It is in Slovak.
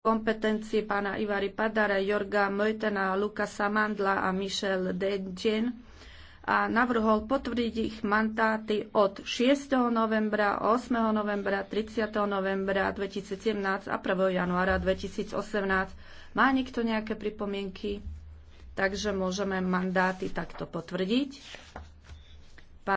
kompetencie pána Ivary Padara, Jorga Mojtena, Lukasa Mandla a Michel Dejen a navrhol potvrdiť ich mandáty od 6. novembra, 8. novembra, 30. novembra 2017 a 1. januára 2018. Má niekto nejaké pripomienky? Takže môžeme mandáty takto potvrdiť.